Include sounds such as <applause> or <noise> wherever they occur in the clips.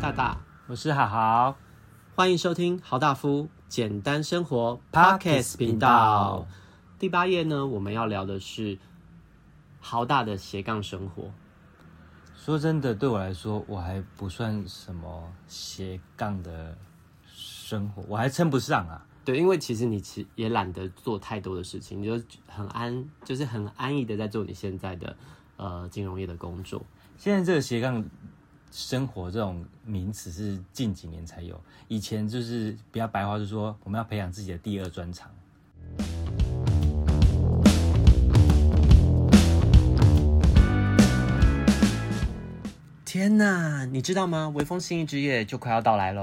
大大，我是豪豪，歡迎收聽豪大夫簡單生活 Podcast 頻道。第八夜呢，我們要聊的是豪大的斜槓生活。說真的，對我來說，我還不算什麼斜槓的生活，我還稱不上啊。對，因為其實你其實也懶得做太多的事情，你就很安，就是很安逸的在做你現在的呃金融業的工作。現在這個斜槓。生活這種名詞是近幾年才有，以前就是比較白話，就說我們要培養自己的第二專長。天哪，你知道嗎？微風信義之夜就快要到來嘍！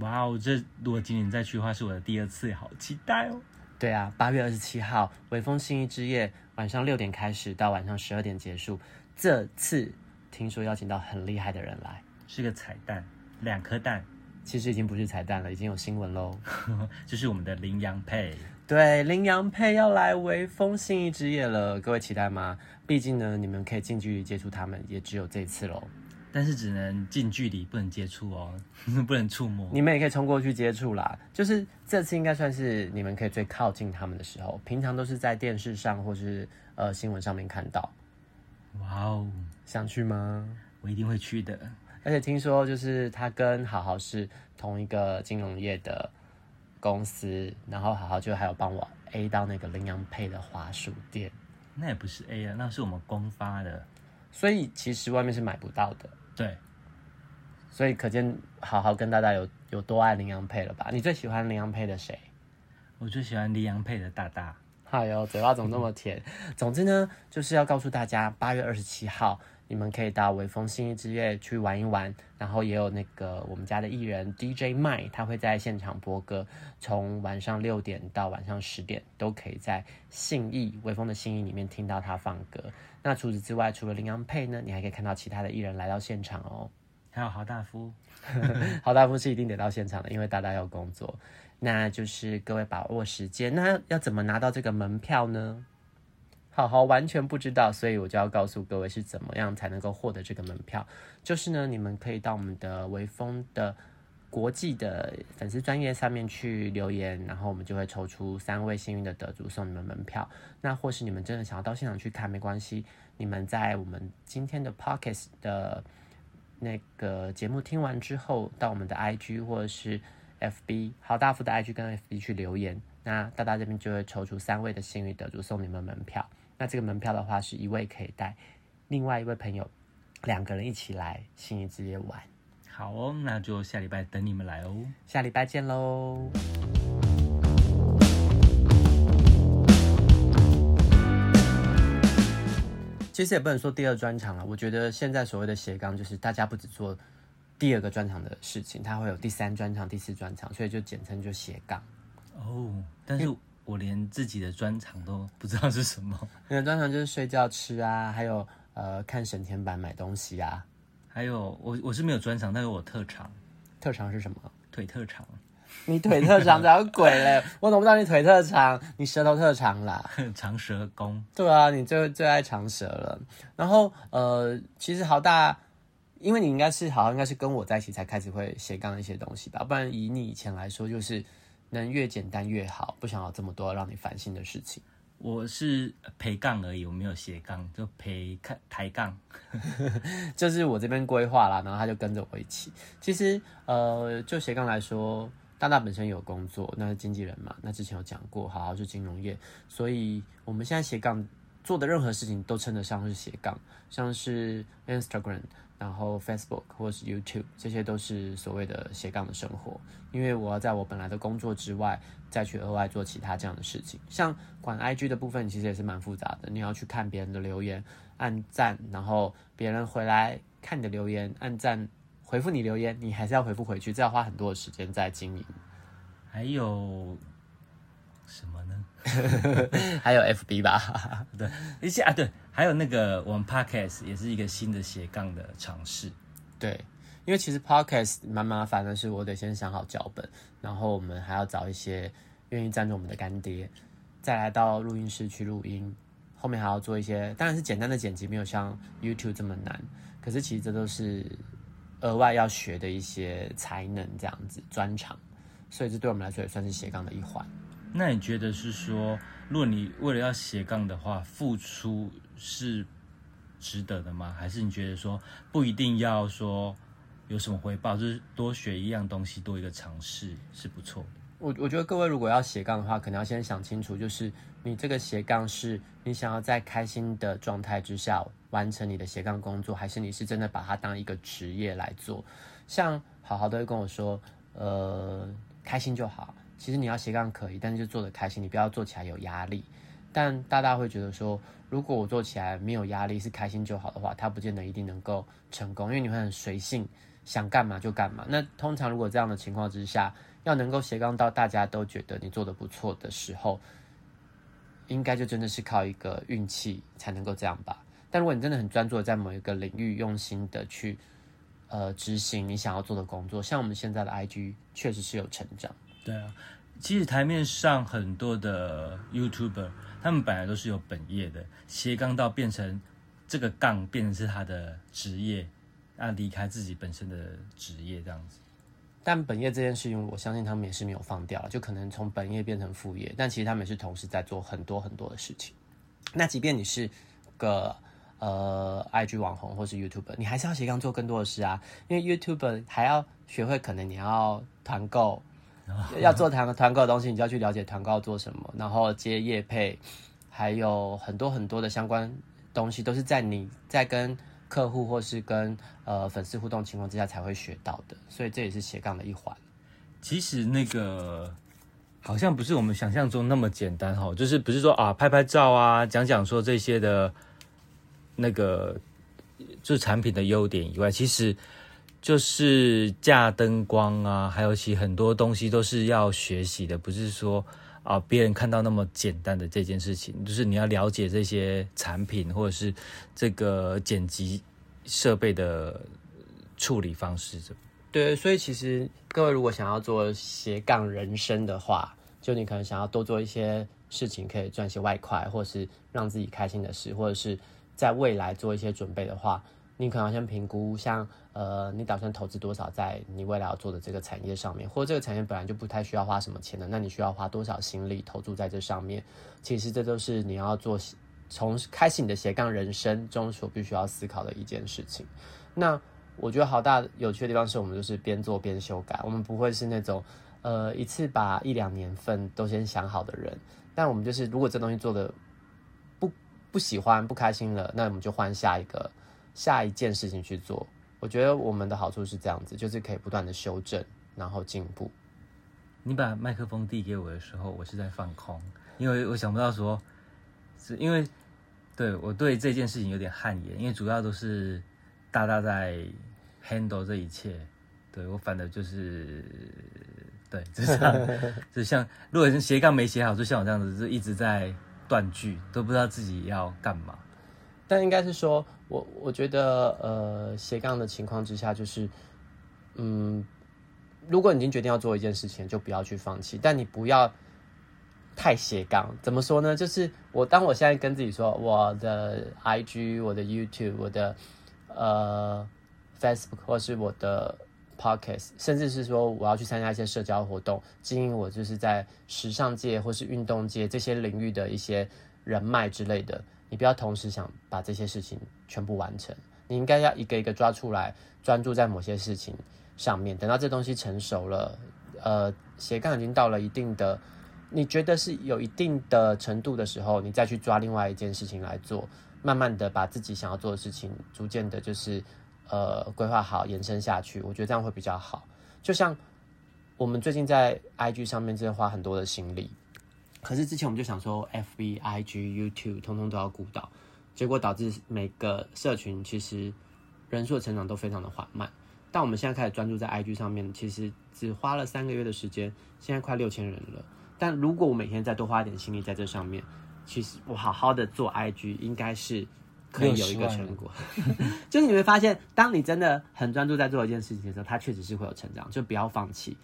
哇哦，這如果今年再去的話，是我的第二次，好期待哦！對啊，八月二十七號，微風信義之夜，晚上六點開始到晚上十二點結束，這次。聽說邀請到很厲害的人來，是個彩蛋，兩顆蛋，其實已經不是彩蛋了，已經有新聞嘍， <laughs> 就是我們的麟洋配，對，麟洋配要來微風信義之夜了，各位期待嗎？畢竟呢，你們可以近距離接觸他們，也只有這次嘍，但是只能近距離，不能接觸哦，不能觸摸，你們也可以衝過去接觸啦，就是這次應該算是你們可以最靠近他們的時候，平常都是在電視上或是呃新聞上面看到，哇哦、wow。想去嗎？我一定會去的。而且聽說，就是他跟豪豪是同一個金融業的公司，然後豪豪就還有幫我 A 到那個麟洋配的滑鼠店。那也不是 A 啊，那是我們公發的，所以其實外面是買不到的。對。所以可見豪豪跟大大有有多愛麟洋配了吧？你最喜歡麟洋配的誰？我最喜歡麟洋配的大大。哎呦，嘴巴怎麼那麼甜？嗯，總之呢，就是要告訴大家，八月二十七號。你們可以到微風信義之夜去玩一玩，然後也有那個我們家的藝人 DJ Mike，他會在現場播歌，從晚上六點到晚上十點，都可以在信義微風的信義裡面聽到他放歌。那除此之外，除了麟洋配呢，你還可以看到其他的藝人來到現場哦。還有豪大夫，豪 <laughs> 大夫是一定得到現場的，因為大家要工作。那就是各位把握時間，那要怎麼拿到這個門票呢？好，好完全不知道，所以我就要告訴各位是怎麼樣才能夠獲得這個門票。就是呢，你們可以到我們的微風的國際的粉絲專頁上面去留言，然後我們就會抽出三位幸運的得主送你們門票。那或是你們真的想要到現場去看沒關係，你們在我們今天的 Podcast 的那個節目聽完之後，到我們的 IG 或者是 FB 豪大夫的 IG 跟 FB 去留言，那大家這邊就會抽出三位的幸運得主送你們門票。那這個門票的話，是一位可以帶另外一位朋友，兩個人一起來信義之夜玩。好哦，那就下禮拜等你們來哦。下禮拜見嘍。其實也不能說第二專場了，我覺得現在所謂的斜槓，就是大家不只做第二個專場的事情，他會有第三專場、第四專場，所以就簡稱就斜槓。哦，但是。我連自己的專長都不知道是什麼。你的專長就是睡覺、吃啊，還有呃看省錢板買東西啊。還有我我是沒有專長，但是我特長。特長是什麼？腿特長。你腿特長？找 <laughs> 鬼嘞！我怎麼知道你腿特長？你舌頭特長啦。 <laughs> 長舌功。對啊，你最最愛長舌了。然後呃，其實豪大，因為你應該是好像應該是跟我在一起才開始會斜槓一些東西吧，不然以你以前來說就是。能越簡單越好，不想要這麼多讓你煩心的事情。我是陪槓而已，我沒有斜槓，就陪看抬槓， <laughs> 就是我這邊規劃啦，然後他就跟着我一起。其實，呃，就斜槓來說，大大本身有工作，那是經紀人嘛，那之前有講過，好，好做金融業，所以我們現在斜槓。做的任何事情都稱得上是斜槓，像是 Instagram，然後 Facebook, 或是 YouTube，這些都是所謂的斜槓的生活。因為我要在我本來的工作之外，再去額外做其他這樣的事情。像管 IG 的部分，其實也是蠻複雜的。你要去看別人的留言，按讚，然後別人回來看你的留言，按讚，回覆你的留言，你還是要回覆回去，這要花很多的時間在經營。還有。什麼呢？ <laughs> <laughs> 還有 FB 吧， <laughs> 對一些啊，對，還有那個我們 Podcast 也是一個新的斜槓的嘗試，對，因為其實 Podcast 蠻麻煩的是我得先想好腳本，然後我們還要找一些願意贊助我們的乾爹，再來到錄音室去錄音，後面還要做一些，當然是簡單的剪輯，沒有像 YouTube 這麼難，可是其實這都是額外要學的一些才能，這樣子專長，所以這對我們來說也算是斜槓的一環。那你覺得是說，如果你為了要斜槓的話，付出是值得的嗎？還是你覺得說，不一定要說有什麼回報，就是多學一樣東西，多一個嘗試是不錯的？我我覺得各位如果要斜槓的話，可能要先想清楚，就是你這個斜槓是你想要在開心的狀態之下完成你的斜槓工作，還是你是真的把它當一個職業來做？像好好的跟我說，呃，開心就好。其實你要斜槓可以，但是就做的開心，你不要做起來有壓力。但大家會覺得說，如果我做起來沒有壓力，是開心就好的話，他不見得一定能夠成功，因為你會很隨性，想幹嘛就幹嘛。那通常如果這樣的情況之下，要能夠斜槓到大家都覺得你做的不錯的時候，應該就真的是靠一個運氣才能夠這樣吧。但如果你真的很專注的在某一個領域，用心的去呃執行你想要做的工作，像我們現在的 IG 確實是有成長。對啊，其實台面上很多的 YouTuber，他們本來都是有本業的，斜槓到變成這個槓，變成是他的職業，那離開自己本身的職業這樣子。但本業這件事情，我相信他們也是沒有放掉，就可能從本業變成副業。但其實他們也是同時在做很多很多的事情。那即便你是個呃 IG 網紅或是 YouTuber，你還是要斜槓做更多的事啊，因為 YouTuber 還要學會，可能你要團購。啊啊、要做團團購的東西，你就要去了解團購做什麼，然後接業配，還有很多很多的相關東西，都是在你在跟客戶或是跟呃粉絲互動情況之下才會學到的，所以這也是斜槓的一環。其實那個好像不是我們想象中那麼簡單齁，就是不是說啊拍拍照啊，講講說這些的，那個就是產品的優點以外，其實。就是架燈光啊，還有其很多東西都是要學習的，不是說啊別人看到那麼簡單的這件事情，就是你要了解這些產品或者是這個剪輯設備的處理方式。對，所以其實各位如果想要做斜槓人生的話，就你可能想要多做一些事情，可以賺些外快，或是讓自己開心的事，或者是在未來做一些準備的話，你可能要先評估像，像呃，你打算投資多少在你未來要做的這個產業上面，或者這個產業本來就不太需要花什麼錢的，那你需要花多少心力投注在這上面？其實這都是你要做從開始你的斜槓人生中所必須要思考的一件事情。那我覺得好大有趣的地方是我們就是邊做邊修改，我們不會是那種呃一次把一兩年份都先想好的人，但我們就是如果這東西做的不不喜歡不開心了，那我們就換下一個下一件事情去做，我覺得我們的好處是這樣子，就是可以不斷的修正，然後進步。你把麥克風遞給我的時候，我是在放空，因為我想不到說，是因為對，我對這件事情有點汗顏，因為主要都是大大在 handle 這一切，對，我反的就是對，就像 <laughs> 就像，如果是斜槓沒寫好，就像我這樣子，就一直在斷句，都不知道自己要幹嘛。但應該是說，我我覺得，呃，斜槓的情況之下，就是，嗯，如果你已經決定要做一件事情，就不要去放棄。但你不要太斜槓。怎麼說呢？就是我當我現在跟自己說，我的 IG、我的 YouTube、我的呃 Facebook 或是我的 Podcast，甚至是說我要去參加一些社交活動，經營我就是在時尚界或是運動界這些領域的一些人脈之類的。你不要同時想把這些事情全部完成，你應該要一個一個抓出來，專注在某些事情上面。等到這東西成熟了，呃，斜槓已經到了一定的，你覺得是有一定的程度的時候，你再去抓另外一件事情來做，慢慢的把自己想要做的事情逐漸的，就是呃，規劃好延伸下去。我覺得這樣會比較好。就像我們最近在 IG 上面，真的花很多的心力。可是之前我們就想說，FB、IG、YouTube，通通都要顧到，結果導致每個社群其實人數的成長都非常的緩慢。但我們現在開始專注在 IG 上面，其實只花了三個月的時間，現在快六千人了。但如果我每天再多花一點心力在這上面，其實我好好的做 IG，應該是可以有一個成果。 <laughs> <laughs> 就是你會發現，當你真的很專注在做一件事情的時候，它確實是會有成長。就不要放棄，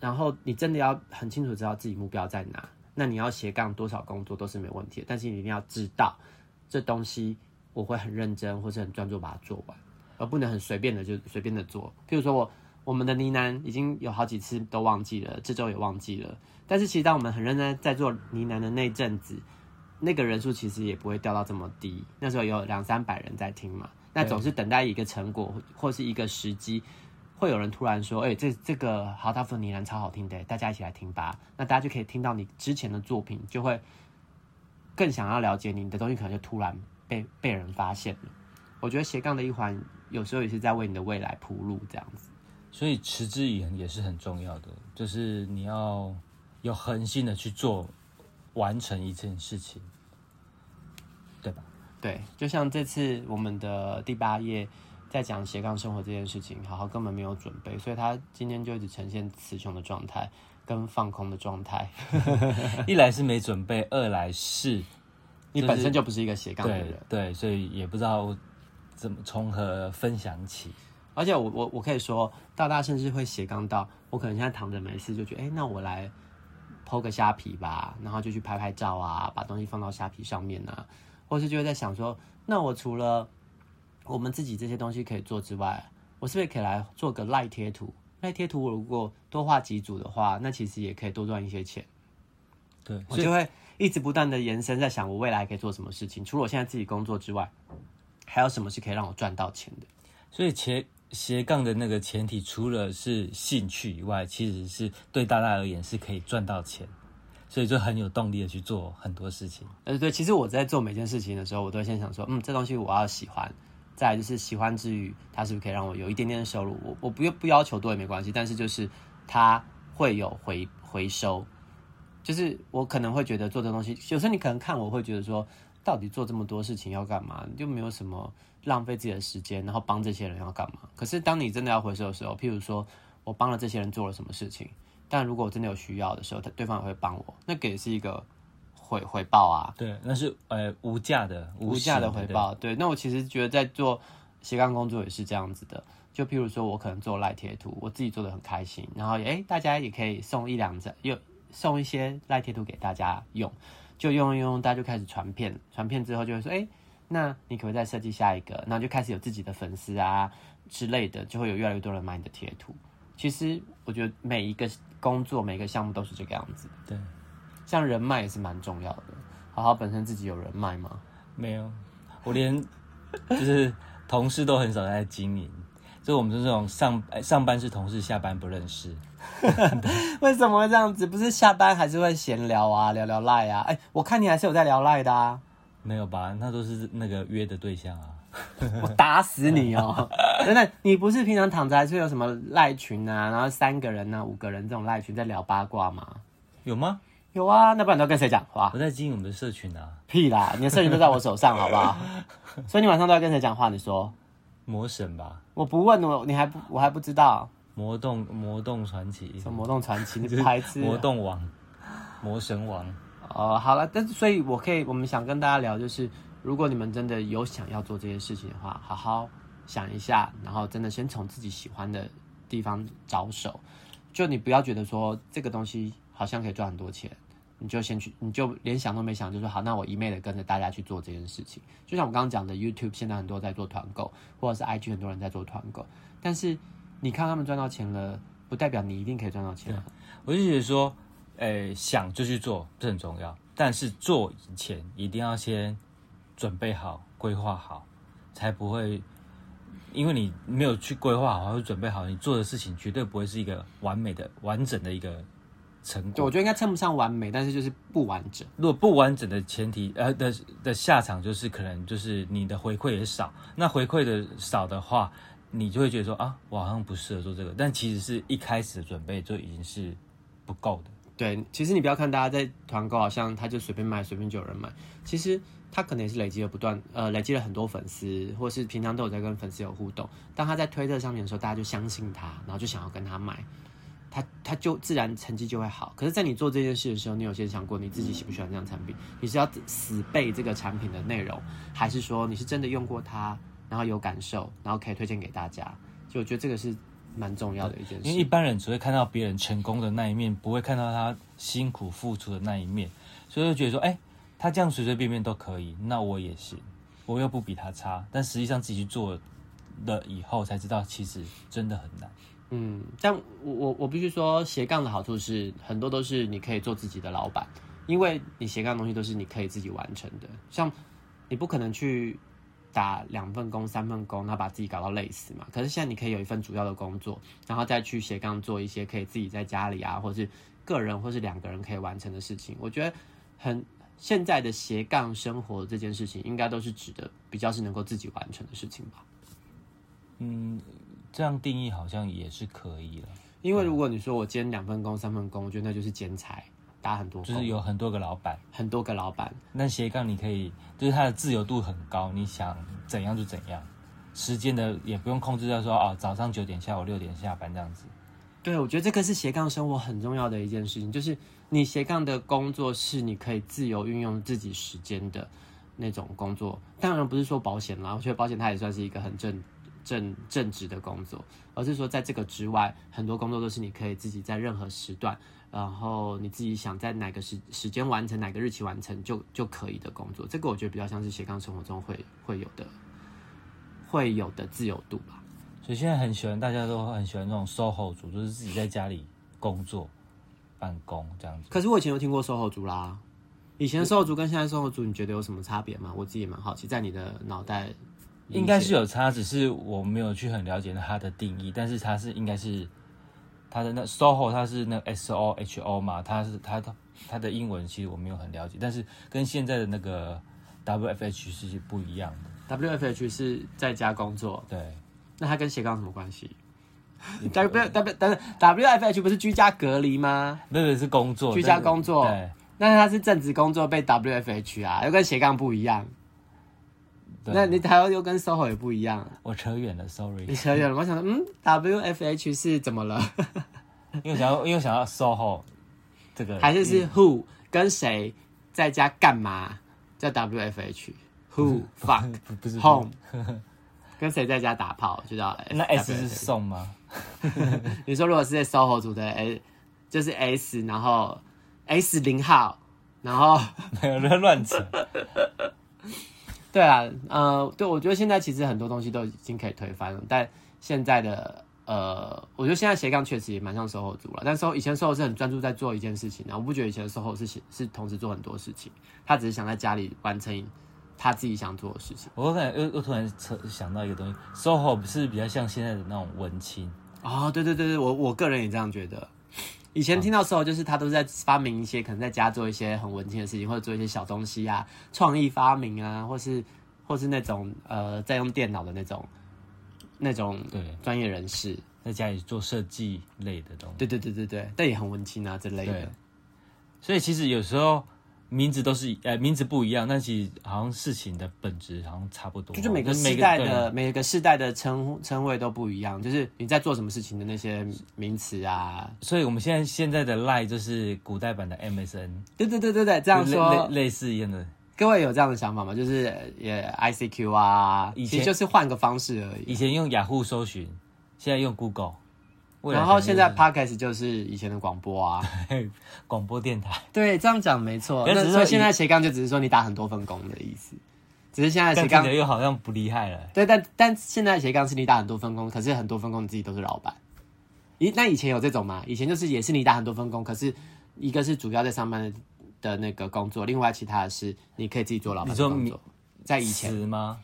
然後你真的要很清楚知道自己目標在哪。那你要斜槓多少工作都是沒問題的，但是你一定要知道，這東西我會很認真或是很專注把它做完，而不能很隨便的就隨便的做。譬如說我我們的呢喃已經有好幾次都忘記了，這週也忘記了。但是其實當我們很認真在做呢喃的那陣子，那個人數其實也不會掉到這麼低，那時候有兩三百人在聽嘛。那總是等待一個成果或是一個時機。會有人突然說：“哎、欸，這這個豪大夫你能超好聽的，大家一起來聽吧。”那大家就可以聽到你之前的作品，就會更想要了解你。你的東西可能就突然被被人發現了。我覺得斜槓的一環，有時候也是在為你的未來鋪路，這樣子。所以持之以恆也是很重要的，就是你要有恆心的去做，完成一件事情，對吧？對，就像這次我們的第八夜。在講斜槓生活這件事情，豪豪根本沒有準備，所以他今天就一直呈現詞窮的狀態跟放空的狀態。 <laughs> 一來是沒準備，二來是、就是、你本身就不是一個斜槓的人。對，對，所以也不知道怎麼從何分享起。而且我我我可以說，大大甚至會斜槓到我，可能現在躺着，沒事，就覺得，哎、欸，那我來剖個蝦皮吧，然後就去拍拍照啊，把東西放到蝦皮上面啊，或是就會在想說，那我除了。我們自己這些東西可以做之外，我是不是可以來做個賴貼圖？賴貼圖，我如果多畫幾組的話，那其實也可以多賺一些錢。對，我就會一直不斷的延伸，在想我未來可以做什麼事情。除了我現在自己工作之外，還有什麼是可以讓我賺到錢的？所以斜斜槓的那個前提，除了是興趣以外，其實是對大家而言是可以賺到錢，所以就很有動力的去做很多事情。呃，對，其實我在做每件事情的時候，我都會先想說，嗯，這東西我要喜歡。再來就是喜歡之餘，他是不是可以讓我有一點點的收入？我我不我不要求多也沒關係，但是就是他會有回回收，就是我可能會覺得做這東西，有時候你可能看我會覺得說，到底做這麼多事情要幹嘛？就沒有什麼浪費自己的時間，然後幫這些人要幹嘛？可是當你真的要回收的時候，譬如說我幫了這些人做了什麼事情，但如果我真的有需要的時候，他對方也會幫我，那給是一個。回回報啊，對，那是呃無價的，無價的回報。對,對,對,對，那我其實覺得在做斜槓工作也是這樣子的。就譬如說，我可能做賴貼圖，我自己做的很開心，然後哎、欸，大家也可以送一兩張，又送一些賴貼圖給大家用，就用用用，大家就開始傳片，傳片之後就會說，哎、欸，那你可不可以再設計下一個？然後就開始有自己的粉絲啊之類的，就會有越來越多人買你的貼圖。其實我覺得每一個工作、每一個項目都是這個樣子。對。像人脈也是蠻重要的。豪豪本身自己有人脈嗎？沒有，我連就是同事都很少在經營。就我們這種上上班是同事，下班不認識。 <laughs> 為什麼會這樣子？不是下班還是會閒聊啊，聊聊賴啊？哎、欸，我看你還是有在聊賴的啊。沒有吧？那都是那個約的對象啊。 <laughs> 我打死你哦！真的，你不是平常躺着，還是有什麼賴群啊？然後三個人啊、五個人這種賴群在聊八卦嗎？有嗎？有啊，那不然你都要跟誰講話？我在經營我們的社群啊，屁啦，你的社群都在我手上， <laughs> 好不好？所以你晚上都要跟誰講話？你說魔神吧，我不問，我你還不，我還不知道。魔動魔動傳奇，什麼魔動傳奇？你拍次啊，魔動王、魔神王？哦，oh, 好了，但是所以我可以，我們想跟大家聊，就是如果你們真的有想要做這件事情的話，好好想一下，然後真的先從自己喜歡的地方着手，就你不要覺得說這個東西。好像可以賺很多錢，你就先去，你就連想都沒想，就說好，那我一昧的跟着大家去做這件事情。就像我剛剛講的，YouTube 現在很多人在做團購，或者是 IG 很多人在做團購，但是你看他們賺到錢了，不代表你一定可以賺到錢啊。我就覺得說，誒，想就去做，這很重要，但是做以前一定要先準備好、規劃好，才不會因為你沒有去規劃好還是準備好，你做的事情絕對不會是一個完美的、完整的一個。成，對，我覺得應該稱不上完美，但是就是不完整。如果不完整的前提，呃的的下場就是可能就是你的回饋也少。那回饋的少的話，你就會覺得說啊，我好像不適合做這個。但其實是一開始的準備就已經是不夠的。對，其實你不要看大家在團購，好像他就隨便買，隨便就有人買。其實他可能也是累積了不斷，呃，累積了很多粉絲，或是平常都有在跟粉絲有互動。當他在推特上面的時候，大家就相信他，然後就想要跟他買。他他就自然成績就會好，可是，在你做這件事的時候，你有先想過你自己喜不喜歡這樣的產品？你是要死背這個產品的內容，還是說你是真的用過它，然後有感受，然後可以推薦給大家？就我覺得這個是蠻重要的一件事。因為一般人只會看到別人成功的那一面，不會看到他辛苦付出的那一面，所以就覺得說，哎、欸，他這樣隨隨便便都可以，那我也行，我又不比他差。但實際上自己去做了以後，才知道其實真的很難。嗯，但我我我必須說斜槓的好處是很多都是你可以做自己的老闆，因為你斜槓的東西都是你可以自己完成的，像你不可能去打兩份工、三份工，那把自己搞到累死嘛。可是現在你可以有一份主要的工作，然後再去斜槓做一些可以自己在家裡啊，或是個人或是兩個人可以完成的事情。我覺得很現在的斜槓生活這件事情，應該都是指的比較是能夠自己完成的事情吧。嗯。這樣定義好像也是可以了，因為如果你說我兼兩份工、工、三份工，我覺得那就是兼裁，打很多，就是有很多個老闆，很多個老闆。那斜槓你可以，就是它的自由度很高，你想怎樣就怎樣，時間的也不用控制在說啊、哦、早上九點下，下午六點下班這樣子。對，我覺得這個是斜槓生活很重要的一件事情，就是你斜槓的工作是你可以自由運用自己時間的那種工作，當然不是說保險啦，我覺得保險它也算是一個很正。正正職的工作，而是說在這個之外，很多工作都是你可以自己在任何時段，然後你自己想在哪個時時間完成，哪個日期完成就就可以的工作。這個我覺得比較像是斜槓生活中會會有的會有的自由度吧。所以現在很喜歡，大家都很喜歡那種 SOHO 族，就是自己在家裡工作辦公這樣子。可是我以前有聽過 SOHO 族啦，以前 SOHO 族跟現在 SOHO 族，你覺得有什麼差別嗎？我自己也蠻好奇，在你的腦袋。應該是有差，只是我沒有去很了解它的定義。但是它是應該是它的那 SOHO，它是那 S O H O 嘛？它是它的它的英文其實我沒有很了解，但是跟現在的那個 W F H 是不一樣的。W F H 是在家工作，對。那它跟斜槓什麼關係？W W W F H 不是居家隔離嗎？不是，是工作，居家工作。對那它是正職工作被 W F H 啊，又跟斜槓不一樣。那你台要又跟 soho 也不一樣，我扯遠了，sorry。你扯遠了，我想說，嗯，wfh 是怎麼了？因為想要，因為想要 soho，這個還是是 who 跟誰在家幹嘛叫 wfh？Who fuck？不是 home？跟誰在家打炮就叫？那 s 是送嗎？你說如果是在 soho 組的就是 s，然後 s 零號，然後沒有人亂扯。對啊，呃，對我覺得現在其實很多東西都已經可以推翻了，但現在的呃，我覺得現在斜槓確實也蠻像 SOHO 族了。但是 SOHO，以前 SOHO 是很專注在做一件事情，然後我不覺得以前 SOHO 是是同時做很多事情，他只是想在家裡完成他自己想做的事情。我突然又又突然想到一個東西，SOHO 是比較像現在的那種文青啊，對、哦、對對對，我我個人也這樣覺得。以前聽到的時候，就是他都是在發明一些可能在家做一些很文青的事情，或者做一些小東西啊、創意發明啊，或是或是那種呃，在用電腦的那種、那種對，專業人士在家裡做設計類的東西，對對對對對，但也很文青啊之類的。所以其實有時候。名字都是呃名字不一樣，但其實好像事情的本質好像差不多。就是每個世代的對每個世代的稱稱謂都不一樣，就是你在做什麼事情的那些名詞啊。所以，我們現在現在的 Line 就是古代版的 MSN。對對對對對，這樣說類，類，類似一樣的。各位有這樣的想法嗎？就是也、yeah, ICQ 啊，以前其實就是換個方式而已、啊。以前用雅虎、ah、搜尋，現在用 Google。然後現在 Podcast 就是以前的廣播啊，廣播電台。對，這樣講沒錯。是那只是說現在斜槓就只是說你打很多份工的意思，只是現在斜槓的又好像不厲害了、欸。對，但但現在斜槓是你打很多份工，可是很多份工你自己都是老闆。咦，那以前有這種嗎？以前就是也是你打很多份工，可是一個是主要在上班的那個工作，另外其他的是你可以自己做老闆工作，你說在以前嗎？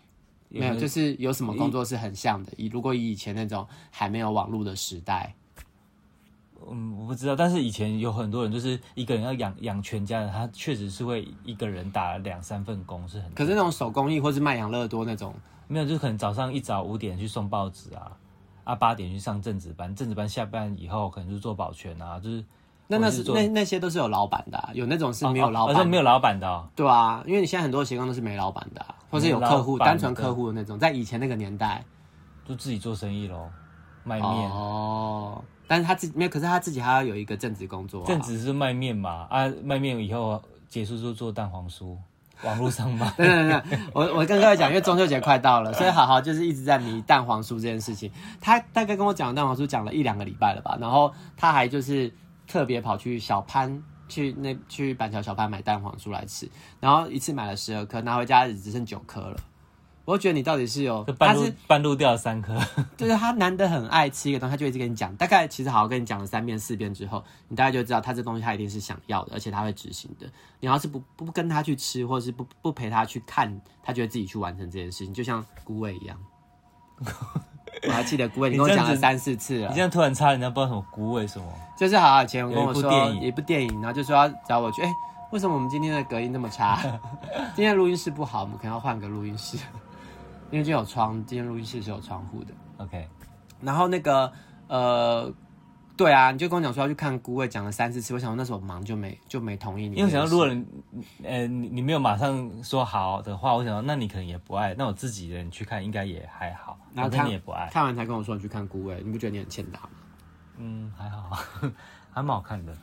有沒有，就是有什麼工作是很像的。以，以如果以，以前那種還沒有網絡的時代，嗯，我不知道。但是以前有很多人，就是一個人要養養全家的，他確實是會一個人打兩三份工，是很的。可是那種手工藝或是賣養樂多那種、嗯，沒有，就可能早上一早五點去送報紙啊，啊，八點去上正職班，正職班下班以後可能就做保全啊，就是。那那是那那些都是有老闆的、啊，有那種是沒有老闆、哦哦，而沒有老闆的，對啊，因為你現在很多斜槓都是沒老闆的、啊。或是有客戶，單純客戶的那種，在以前那個年代，就自己做生意嘍，賣麵哦。但是他自己沒有，可是他自己還要有一個正職工作啊，正職是賣麵嘛。啊，賣麵以後結束就做蛋黃酥，網絡上賣。 <laughs> 對對對，我我跟各位講， <laughs> 因為中秋節快到了，所以好好就是一直在迷蛋黃酥這件事情。他大概跟我講的蛋黃酥講了一兩個禮拜了吧，然後他還就是特別跑去小潘。去那去板橋小潘買蛋黃酥來吃，然後一次買了十二顆，拿回家只剩九顆了。我覺得你到底是有，但是半路掉了三顆， <laughs> 就是他難得很愛吃一個東西，他就一直跟你講，大概其實好好跟你講了三遍四遍之後，你大概就知道他這東西他一定是想要的，而且他會執行的。你要是不不跟他去吃，或是不不陪他去看，他就會自己去完成這件事情，就像孤位一樣。 <laughs> 我還記得姑，你跟我講了三四次了。你這樣突然插，人家不知道什麼姑偉什麼。就是好像以前我跟我說一部電影，電影然後就說要找我去。哎、欸，為什麼我們今天的隔音那麼差？ <laughs> 今天錄音室不好，我們可能要換個錄音室。 <laughs> 因為今天有窗，今天錄音室是有窗戶的。OK，然後那個呃。對啊，你就跟我講說要去看孤味，講了三四次，我想說那時候忙就沒就沒同意你。因為我想說如果，呃、欸，你你沒有馬上說好的話，我想說那你可能也不愛。那我自己的人去看應該也還好，那肯定也不愛。看完才跟我說你去看孤味，你不覺得你很欠打嗎？嗯，還好，還蠻好看的。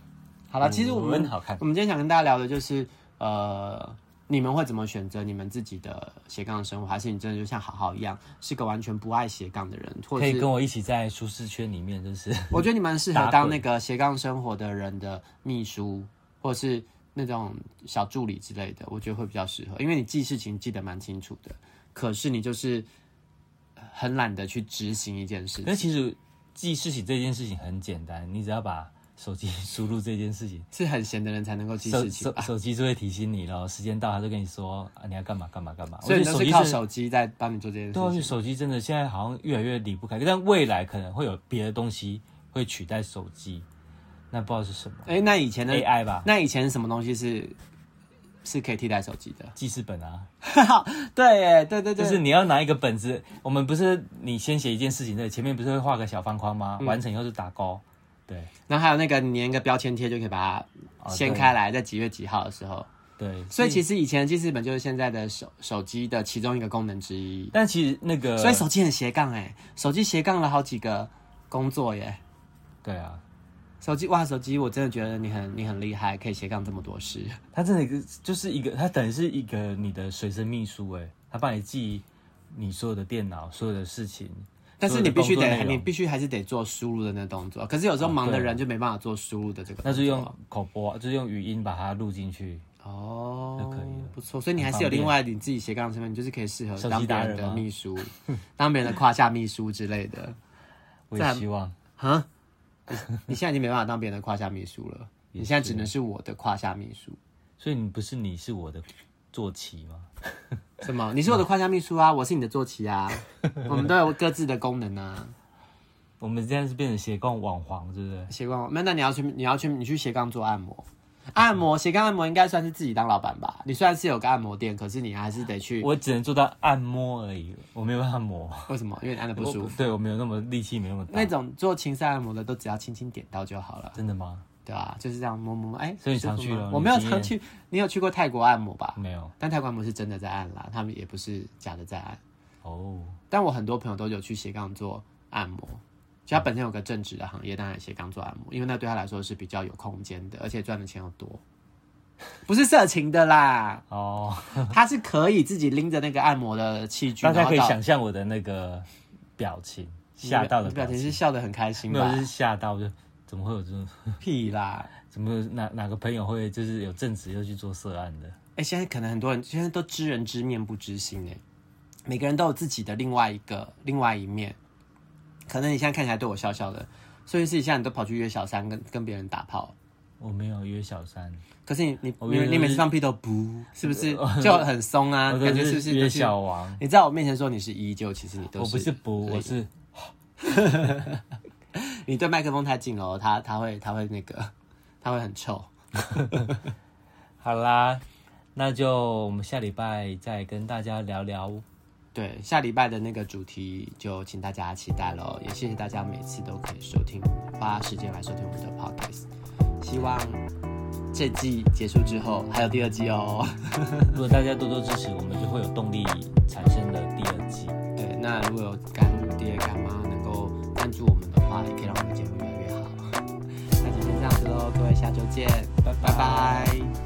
好啦，其實我們我們今天想跟大家聊的就是呃。你們會怎麼選擇你們自己的斜槓生活？還是你真的就像好好一樣，是個完全不愛斜槓的人？可以跟我一起在舒適圈裡面，就是。我覺得你蠻適合當那個斜槓生活的人的秘書， <laughs> 軌或是那種小助理之類的，我覺得會比較適合。因為你記事情記得蠻清楚的，可是你就是很懶得去執行一件事。但其實記事情這件事情很簡單，你只要把。手機輸入這件事情是很閒的人才能夠記事情吧？手手手機就會提醒你嘍，時間到，他就跟你說：“啊，你要幹嘛幹嘛幹嘛。幹嘛”我手機所以都是靠手機在幫你做這件事情。對、啊，手機真的現在好像越來越離不開，但未來可能會有別的東西會取代手機，那不知道是什麼。哎、欸，那以前的 AI 吧？那以前是什麼東西是是可以替代手機的？記事本啊？ <laughs> 對耶對對對，就是你要拿一個本子，我們不是你先寫一件事情，在前面不是會畫個小方框嗎？嗯、完成以後就打勾。對，然後還有那個粘個標籤貼就可以把它掀開來，哦、在幾月幾號的時候。對，所以其實以前的記事本就是現在的手手機的其中一個功能之一。但其實那個，所以手機很斜槓哎、欸，手機斜槓了好幾個工作耶、欸。對啊，手機哇，手機，我真的覺得你很你很厲害，可以斜槓這麼多事。它真的就是一個，它等於是一個你的隨身秘書哎、欸，它幫你記你所有的電腦所有的事情。但是你必須得，你必須還是得做輸入的那動作。可是有時候忙的人就沒辦法做輸入的這個。但是用口播，就是用語音把它錄進去哦，那、oh, 可以，不錯。所以你還是有另外你自己斜槓的成分，你就是可以適合當別人的秘書， <laughs> 當別人的胯下秘書之類的。我也希望，哈、啊，你現在已經沒辦法當別人的胯下秘書了，是你現在只能是我的胯下秘書。所以你不是，你是我的。坐騎嗎？ <laughs> 什麼？你是我的框架秘書啊， <laughs> 我是你的坐騎啊， <laughs> 我們都有各自的功能啊。 <laughs> 我們現在是變成斜槓網紅，是不是？斜槓網？那你要去，你要去，你去斜槓做按摩，啊、按摩斜槓按摩應該算是自己當老闆吧？你雖然是有個按摩店，可是你還是得去。我只能做到按摩而已，我沒有按摩。為什麼？因為按得不舒服。對，我沒有那麼力氣，沒有那麼大。那種做情色按摩的，都只要輕輕點到就好了。真的嗎？對啊，就是這樣摸摸摸，哎、欸，所以你常去嗎、哦？我沒有常去，有你有去過泰國按摩吧？沒有，但泰國按摩是真的在按啦，他們也不是假的在按。哦，oh. 但我很多朋友都有去斜槓做按摩，其實他本身有個正職的行業，當然斜槓做按摩，因為那對他來說是比較有空間的，而且賺的錢又多，不是色情的啦。哦，oh. <laughs> 他是可以自己拎着那個按摩的器具，大家可以想象我的那個表情，嚇到的表情、那個那個、表情是笑得很開心吧？嚇 <laughs> 到就。怎麼會有這種屁啦？怎麼會哪哪個朋友會就是有正職又去做斜槓的？哎、欸，現在可能很多人現在都知人知面不知心，哎、欸，每個人都有自己的另外一個另外一面。可能你現在看起來對我笑笑的，所以是一下你都跑去約小三跟跟別人打炮。我沒有約小三，可是你你，就是，你每次放屁都不是不是就很鬆啊？呃、感覺是不是，是，是約小王？你在我面前說你是依舊，其實你都是我不是不，以我是。 <laughs> 你對麥克風太近哦，他他會他會那個，他會很臭。 <laughs> <laughs> 好啦，那就我們下禮拜再跟大家聊聊。對，下禮拜的那個主題就請大家期待嘍。也謝謝大家每次都可以收聽，花時間來收聽我們的 podcast。希望這季結束之後還有第二季哦。 <laughs> 如果大家多多支持，我們就會有動力產生的第二季。對，那如果有感、嗯也可以讓我們的節目越來越好。 <laughs> 那今天這樣子嘍，各位下周見，拜拜拜，拜。